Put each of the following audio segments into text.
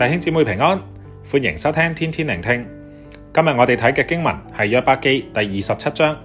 弟兄姊妹平安，歡迎收聽天天聆聽。今日我哋睇嘅經文係約伯記第二十七章，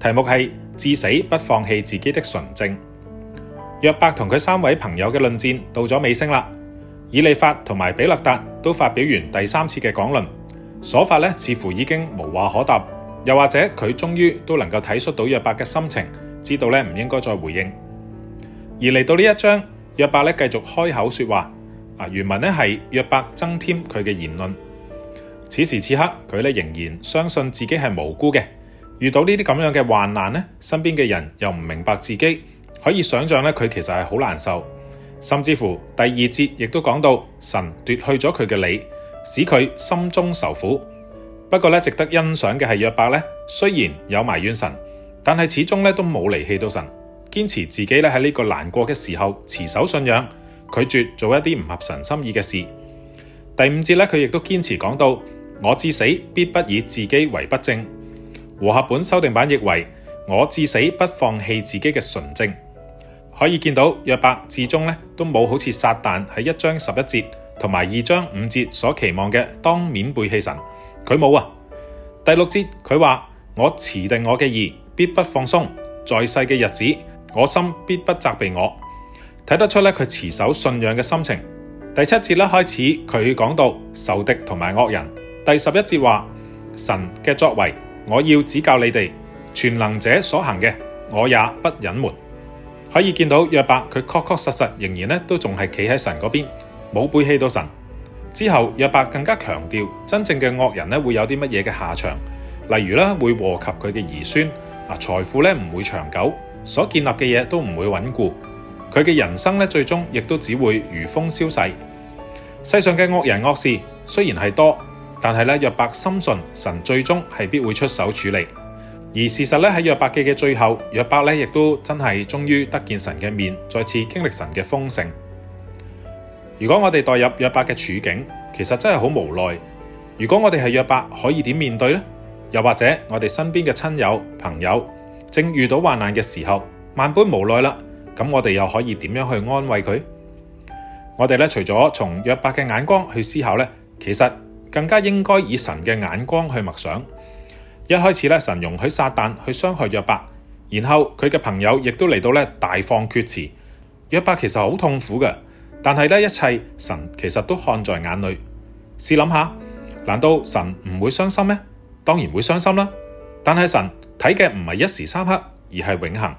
題目係至死不放棄自己的純正。約伯同佢三位朋友嘅論戰到咗尾聲啦，以利法同埋比勒達都發表完第三次嘅講論，鎖法呢似乎已經無話可答，又或者佢終於都能夠體恤到約伯嘅心情，知道呢唔應該再回應。而嚟到呢一章，約伯呢繼續開口說話。原文咧係約伯增添佢嘅言論。此時此刻，佢咧仍然相信自己係無辜嘅。遇到呢啲咁樣嘅患難咧，身邊嘅人又唔明白自己，可以想象咧佢其實係好難受。甚至乎第二節亦都講到神奪去咗佢嘅理，使佢心中受苦。不過咧，值得欣賞嘅係約伯咧，雖然有埋怨神，但係始終咧都冇離棄到神，堅持自己咧喺呢個難過嘅時候持守信仰。拒絕做一啲唔合神心意嘅事。第五節呢，佢亦都堅持講到：我至死必不以自己為不正。和合本修訂版譯為：我至死不放棄自己嘅純正。可以見到約伯至終呢，都冇好似撒旦喺一章十一節同埋二章五節所期望嘅當面背棄神，佢冇啊。第六節佢話：我持定我嘅義，必不放鬆；在世嘅日子，我心必不責備我。睇得出咧，佢持守信仰嘅心情。第七節咧開始，佢講到仇敵同埋惡人。第十一節話，神嘅作為，我要指教你哋，全能者所行嘅，我也不隱瞞。可以見到約伯佢確確實實仍然都仲係企喺神嗰邊，冇背棄到神。之後約伯更加強調，真正嘅惡人咧會有啲乜嘢嘅下場，例如咧會禍及佢嘅兒孫，啊財富咧唔會長久，所建立嘅嘢都唔會穩固。佢嘅人生呢，最終亦都只會如風消逝。世上嘅惡人惡事雖然係多，但係呢，約伯深信神最終係必會出手處理。而事實呢，喺約伯記嘅最後，約伯呢亦都真係終於得見神嘅面，再次經歷神嘅豐盛。如果我哋代入約伯嘅處境，其實真係好無奈。如果我哋係約伯，可以點面對呢？又或者我哋身邊嘅親友朋友正遇到患難嘅時候，萬般無奈啦。咁我哋又可以點樣去安慰佢？我哋咧除咗從約伯嘅眼光去思考咧，其實更加應該以神嘅眼光去默想。一開始咧，神容許撒但去傷害約伯，然後佢嘅朋友亦都嚟到咧大放厥詞。約伯其實好痛苦嘅，但係咧一切神其實都看在眼裏。試諗下，難道神唔會傷心咩？當然會傷心啦。但係神睇嘅唔係一時三刻，而係永恒。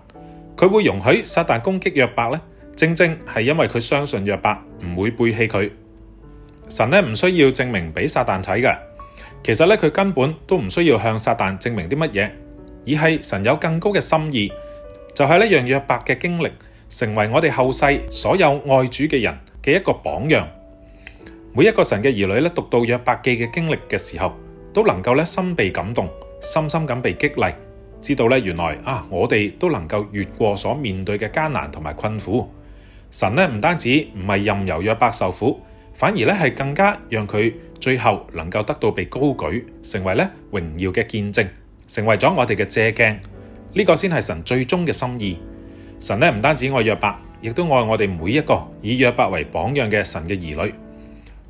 佢會容許撒但攻擊約伯咧，正正係因為佢相信約伯唔會背棄佢。神咧唔需要證明俾撒但睇嘅，其實咧佢根本都唔需要向撒但證明啲乜嘢，而係神有更高嘅心意，就係呢讓約伯嘅經歷，成為我哋後世所有愛主嘅人嘅一個榜樣。每一個神嘅兒女咧，讀到約伯記嘅經歷嘅時候，都能夠咧深被感動，深深咁被激勵。知道咧，原來啊，我哋都能夠越過所面對嘅艱難同埋困苦。神咧唔單止唔係任由約伯受苦，反而咧係更加讓佢最後能夠得到被高舉，成為咧榮耀嘅見證，成為咗我哋嘅借鏡。呢個先係神最終嘅心意。神咧唔單止愛約伯，亦都愛我哋每一個以約伯為榜樣嘅神嘅兒女。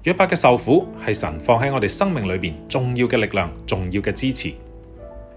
約伯嘅受苦，係神放喺我哋生命裏邊重要嘅力量，重要嘅支持。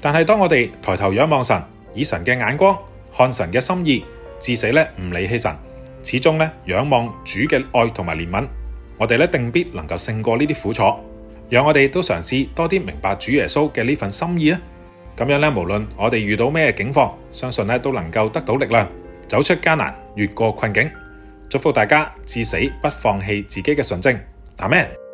但係當我哋抬頭仰望神，以神嘅眼光看神嘅心意，至死咧唔離棄神，始終咧仰望主嘅愛同埋憐憫，我哋咧定必能夠勝過呢啲苦楚。讓我哋都嘗試多啲明白主耶穌嘅呢份心意啊！咁樣咧，無論我哋遇到咩境況，相信咧都能夠得到力量，走出艱難，越過困境。祝福大家，至死不放棄自己嘅純正。阿們！